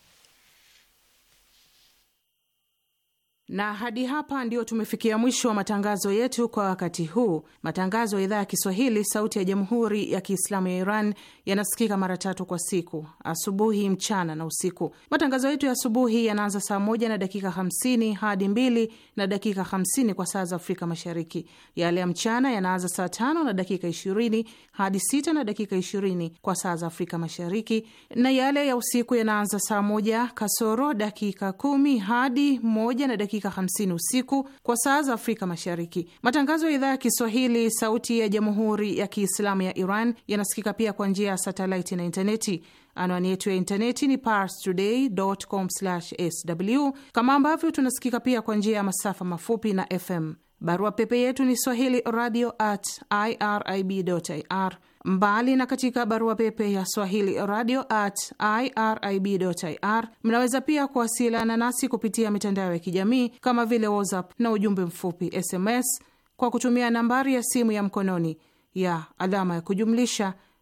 Na hadi hapa ndiyo tumefikia mwisho wa matangazo yetu kwa wakati huu. Matangazo ya idhaa ya Kiswahili, sauti ya jamhuri ya kiislamu ya Iran yanasikika mara tatu kwa siku: asubuhi, mchana na usiku. Matangazo yetu ya asubuhi yanaanza saa moja na dakika hamsini hadi mbili na dakika hamsini kwa saa za Afrika Mashariki. Yale ya mchana yanaanza saa tano na dakika ishirini hadi sita na dakika ishirini kwa saa za Afrika Mashariki, na yale ya usiku yanaanza saa moja kasoro dakika kumi hadi moja na dakika hamsini usiku kwa saa za Afrika Mashariki. Matangazo ya idhaa ya Kiswahili sauti ya Jamhuri ya Kiislamu ya Iran yanasikika pia kwa njia satelaiti na intaneti. Anwani yetu ya intaneti ni parstoday.com/sw, kama ambavyo tunasikika pia kwa njia ya masafa mafupi na FM. Barua pepe yetu ni swahili radio at irib.ir. Mbali na katika barua pepe ya swahili radio at irib.ir, mnaweza pia kuwasiliana nasi kupitia mitandao ya kijamii kama vile WhatsApp na ujumbe mfupi SMS kwa kutumia nambari ya simu ya mkononi ya alama ya kujumlisha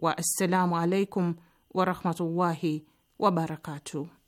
wa assalamu alaikum warahmatullahi wabarakatu.